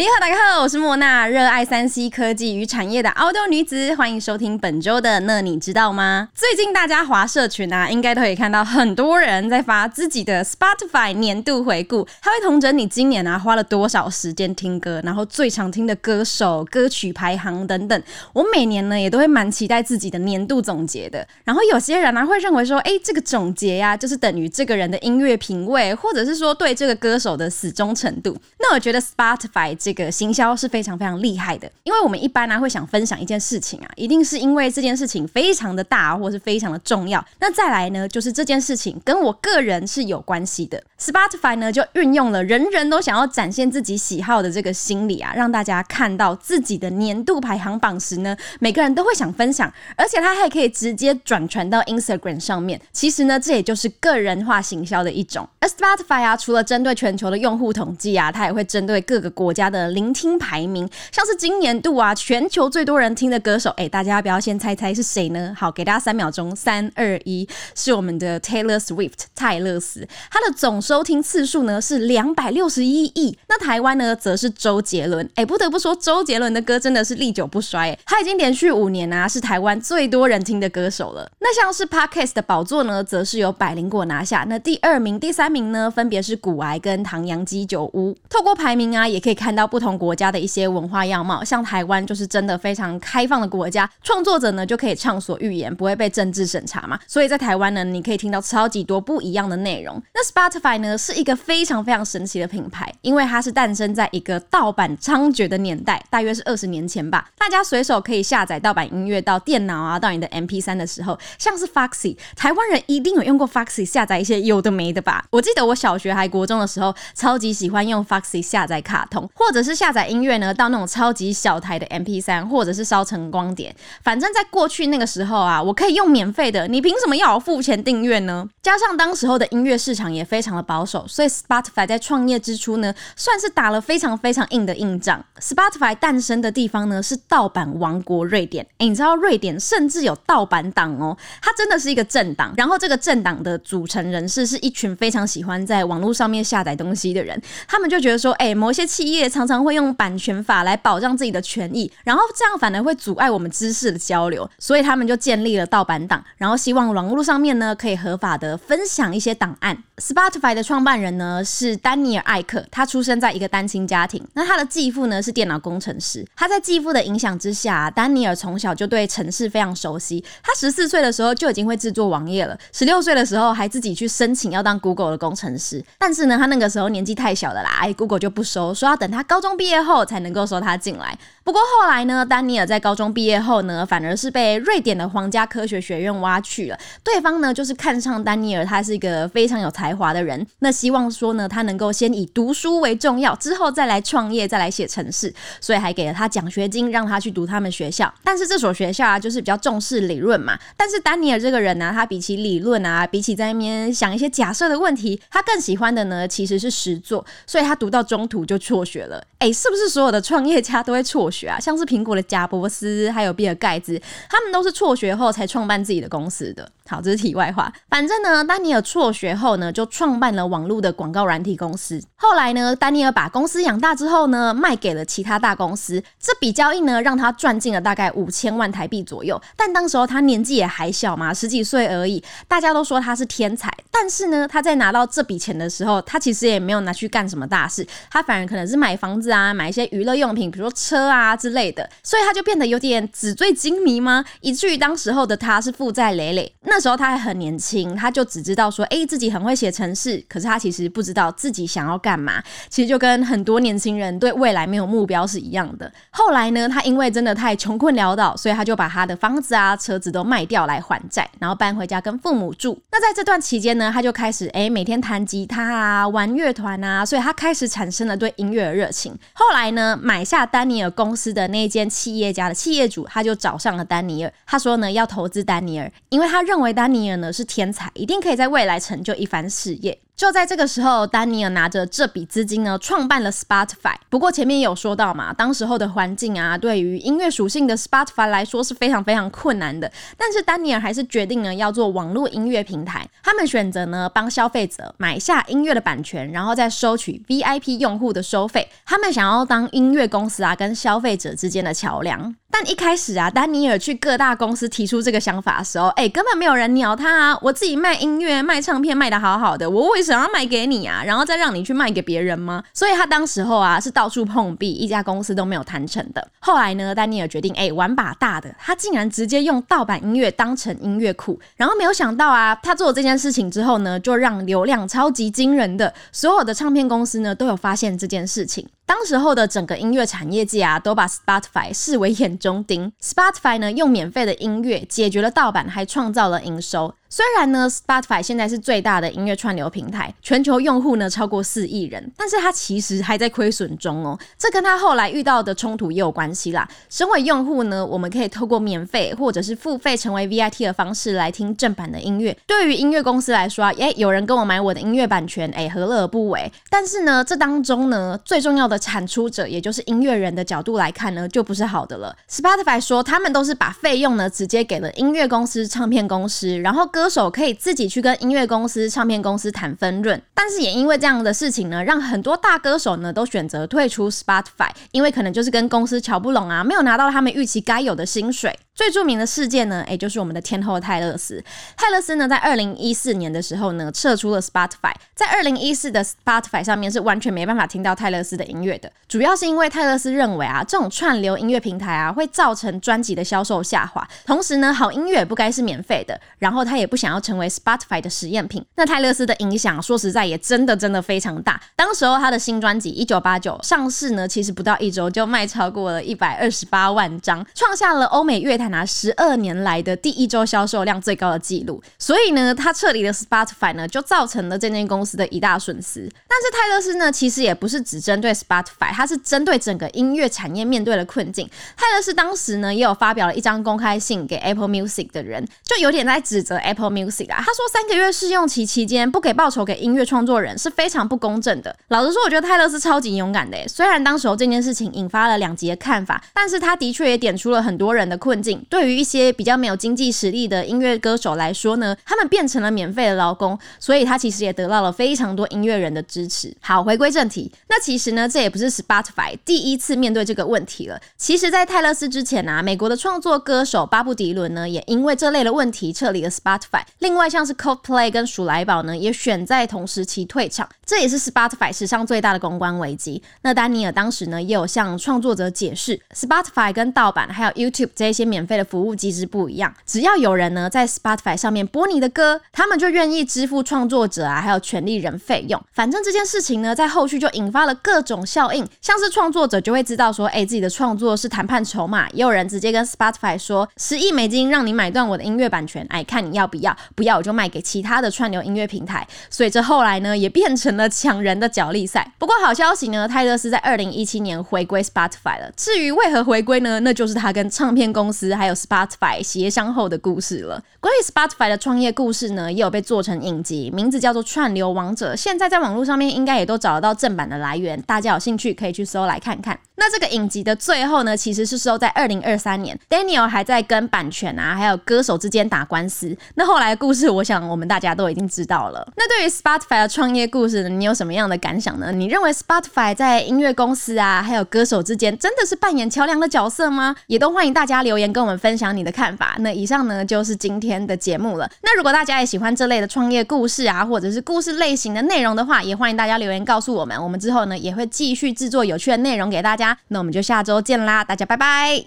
你好，大家好，我是莫娜，熱愛三 C 科技與產業的澳洲女子，歡迎收聽本周的那你知道嗎？最近大家滑社群啊，應該都可以看到很多人在發自己的 Spotify 年度回顧，他會統整你今年啊花了多少時間聽歌，然後最常聽的歌手、歌曲排行等等。我每年呢也都會蠻期待自己的年度總結的。然後有些人呢、啊、會認為說，哎、欸，這個總結呀、啊，就是等於這個人的音樂品味，或者是說對這個歌手的死忠程度。那我覺得 Spotify 這個行銷是非常非常厲害的，因為我們一般呢啊會想分享一件事情啊，一定是因為這件事情非常的大，或是非常的重要。那再來呢，就是這件事情跟我個人是有關係的。Spotify 呢就運用了人人都想要展現自己喜好的這個心理啊，讓大家看到自己的年度排行榜時呢，每個人都會想分享，而且它還可以直接轉傳到 Instagram 上面。其實呢，這也就是個人化行銷的一種。而 Spotify 啊，除了針對全球的用戶統計啊，它也會針對各個國家。的聆聽排名，像是今年度啊，全球最多人聽的歌手，誒、欸，大家要不要先猜猜是誰呢？好，給大家三秒鐘，三二一，是我們的 Taylor Swift 泰勒斯，他的總收聽次數呢是兩百六十一億。那台灣呢，則是周杰倫，誒、欸，不得不說，周杰倫的歌真的是歷久不衰、欸，他已經連續五年啊，是台灣最多人聽的歌手了。那像是 Podcast 的寶座呢，則是由百靈果拿下。那第二名、第三名呢，分別是股癌跟唐陽雞酒屋。透過排名啊，也可以看到。到不同國家的一些文化樣貌，像台灣就是真的非常開放的國家，創作者呢就可以暢所欲言，不會被政治審查嘛。所以在台灣呢，你可以聽到超級多不一樣的內容。那 Spotify 呢是一個非常非常神奇的品牌，因為它是誕生在一個盜版猖獗的年代，大約是二十年前吧。大家隨手可以下載盜版音樂到電腦啊，到你的 MP3 的時候，像是 Foxy，台灣人一定有用過 Foxy 下載一些有的沒的吧？我記得我小學還國中的時候，超級喜歡用 Foxy 下載卡通或。或者是下載音樂呢，到那種超級小台的 MP3，或者是燒成光碟。反正，在過去那個時候啊，我可以用免費的，你憑什麼要我付錢訂閱呢？加上當時候的音樂市場也非常的保守，所以 Spotify 在創業之初呢，算是打了非常非常硬的硬仗。Spotify 誕生的地方呢，是盜版王國瑞典。欸，你知道瑞典甚至有盜版黨哦，它真的是一個政黨。然後這個政黨的組成人士是一群非常喜歡在網絡上面下載東西的人，他們就覺得說，欸，某些企業。常常會用版權法來保障自己的權益，然後這樣反而會阻礙我們知識的交流，所以他們就建立了盜版黨，然後希望網絡上面呢可以合法的分享一些檔案。Spotify 的創辦人呢是丹尼爾艾克，他出生在一個單親家庭，那他的繼父呢是電腦工程師，他在繼父的影響之下，丹尼爾從小就對程式非常熟悉。他十四歲的時候就已經會製作網頁了，十六歲的時候還自己去申請要當 Google 的工程師，但是呢，他那個時候年紀太小了啦，哎，Google 就不收，說要等他。高中畢業後才能夠收他進來。不過後來呢，丹尼爾在高中畢業後呢，反而是被瑞典的皇家科學學院挖去了。對方呢，就是看上丹尼爾，他是一個非常有才華的人。那希望說呢，他能夠先以讀書為重要，之後再來創業，再來寫程式。所以還給了他獎學金，讓他去讀他們學校。但是這所學校啊，就是比較重視理論嘛。但是丹尼爾這個人呢、啊，他比起理論啊，比起在那邊想一些假設的問題，他更喜歡的呢，其實是實作。所以他讀到中途就輟學了。哎，是不是所有的創業家都會輟學？啊，像是蘋果的賈伯斯，還有比爾蓋茨，他們都是輟學後才創辦自己的公司的。好，這是題外話。反正呢，丹尼爾輟學後呢，就創辦了網絡的廣告軟體公司。後來呢，丹尼爾把公司養大之後呢，賣給了其他大公司。這筆交易呢，讓他賺進了大概五千萬台幣左右。但當時候他年紀也還小嘛，十幾歲而已。大家都說他是天才，但是呢，他在拿到這筆錢的時候，他其實也沒有拿去幹什麼大事，他反而可能是買房子啊，買一些娛樂用品，比如說車啊。啊之類的，所以他就變得有點紙醉金迷嗎，以至於當時候的他是負債累累。那時候他還很年輕，他就只知道說，誒、欸，自己很會寫程式，可是他其實不知道自己想要幹嘛。其實就跟很多年輕人對未來沒有目標是一樣的。後來呢，他因為真的太窮困潦倒，所以他就把他的房子啊、車子都賣掉來還債，然後搬回家跟父母住。那在這段期間呢，他就開始誒、欸、每天彈吉他啊、玩樂團啊，所以他開始產生了對音樂的熱情。後來呢，買下丹尼爾公。公司的那一間企業家的企業主，他就找上了丹尼爾。他說呢，要投資丹尼爾，因為他認為丹尼爾呢是天才，一定可以在未來成就一番事業。就在這個時候，丹尼爾拿着這筆資金呢，創辦了 Spotify。不過前面也有說到嘛，當時候的環境啊，對於音樂屬性的 Spotify 來說是非常非常困難的。但是丹尼爾還是決定呢，要做網絡音樂平台。他們選擇呢，幫消費者買下音樂的版權，然後再收取 VIP 用戶的收費。他們想要當音樂公司啊，跟消費者之間的橋梁。但一開始啊，丹尼爾去各大公司提出這個想法的時候，誒，根本沒有人鳥他啊！我自己賣音樂、賣唱片賣得好好的，我為什麼要賣給你啊？然後再讓你去賣給別人嗎？所以他當時候啊是到處碰壁，一家公司都沒有談成的。後來呢，丹尼爾決定，誒，玩把大的，他竟然直接用盜版音樂當成音樂庫，然後沒有想到啊，他做了這件事情之後呢，就讓流量超級驚人的所有的唱片公司呢都有發現這件事情。當時候的整個音樂產業界啊，都把 Spotify 視為眼中釘。Spotify 呢，用免費的音樂解決了盜版，還創造了營收。雖然呢，Spotify 現在是最大的音樂串流平台，全球用戶呢超過四億人，但是它其實還在虧損中哦。這跟它後來遇到的衝突也有關係啦。身為用戶呢，我們可以透過免費或者是付費成為 VIP 的方式來聽正版的音樂。對於音樂公司來說、啊，哎、欸，有人跟我買我的音樂版權，誒、欸，何樂而不為？但是呢，這當中呢，最重要的產出者，也就是音樂人的角度來看呢，就不是好的了。Spotify 說，他們都是把費用呢直接給了音樂公司、唱片公司，然後各。歌手可以自己去跟音樂公司、唱片公司談分潤，但是也因為這樣的事情呢，讓很多大歌手呢都選擇退出 Spotify，因為可能就是跟公司喬不攏啊，沒有拿到他們預期該有的薪水。最著名的事件呢，也、欸、就是我們的天后泰勒斯。泰勒斯呢，在二零一四年的時候呢，撤出了 Spotify。在二零一四的 Spotify 上面是完全沒辦法聽到泰勒斯的音樂的。主要是因為泰勒斯認為啊，這種串流音樂平台啊，會造成專輯的銷售下滑。同時呢，好音樂不該是免費的。然後他也不想要成為 Spotify 的實驗品。那泰勒斯的影響，說實在也真的真的非常大。當時候他的新專輯《一九八九》上市呢，其實不到一周就賣超過了一百二十八萬張，創下了歐美樂壇拿十二年來的第一周銷售量最高的記錄，所以呢，他撤離了 Spotify 呢，就造成了這間公司的一大損失。但是泰勒斯呢，其實也不是只針對 Spotify，他是針對整個音樂產業面對的困境。泰勒斯當時呢，也有發表了一張公開信給 Apple Music 的人，就有點在指責 Apple Music 啦。他說，三個月試用期期間不給報酬給音樂創作人是非常不公正的。老實說，我覺得泰勒斯超級勇敢的耶。雖然當時這件事情引發了兩極的看法，但是他的確也點出了很多人的困境。對於一些比較沒有經濟實力的音樂歌手來說呢，他們變成了免費的勞工，所以他其實也得到了非常多音樂人的支持。好，回歸正題，那其實呢，這也不是 Spotify 第一次面對這個問題了。其實，在泰勒斯之前啊，美國的創作歌手巴布迪倫呢，也因為這類的問題撤離了 Spotify。另外，像是 Coldplay 跟鼠來寶呢，也選在同時期退場，這也是 Spotify 史上最大的公關危機。那丹尼爾當時呢，也有向創作者解釋，Spotify 跟盜版還有 YouTube 這些免。免費的服務機制不一樣，只要有人呢在 Spotify 上面播你的歌，他們就願意支付創作者啊，還有權利人費用。反正這件事情呢，在後續就引發了各種效應，像是創作者就會知道說，哎、欸，自己的創作是談判籌碼。也有人直接跟 Spotify 說，十億美金讓你買斷我的音樂版權，哎，看你要不要，不要我就賣給其他的串流音樂平台。所以這後來呢，也變成了搶人的角力賽。不過好消息呢，泰勒斯在二零一七年回歸 Spotify 了。至於為何回歸呢？那就是他跟唱片公司。還有 Spotify 協商後的故事了。關於 Spotify 的創業故事呢，也有被做成影集，名字叫做《串流王者》。現在在網絡上面應該也都找得到正版的來源，大家有興趣可以去搜來看看。那這個影集的最後呢，其實是收在二零二三年，Daniel 還在跟版權啊還有歌手之間打官司。那後來的故事，我想我們大家都已經知道了。那對於 Spotify 的創業故事呢，你有什麼樣的感想呢？你認為 Spotify 在音樂公司啊還有歌手之間，真的是扮演橋樑的角色嗎？也都歡迎大家留言跟。跟我們分享你的看法。那以上呢就是今天的節目了。那如果大家也喜歡這類的創業故事啊，或者是故事類型的內容的話，也歡迎大家留言告訴我們。我們之後呢也會繼續製作有趣的內容給大家。那我們就下周見啦，大家拜拜。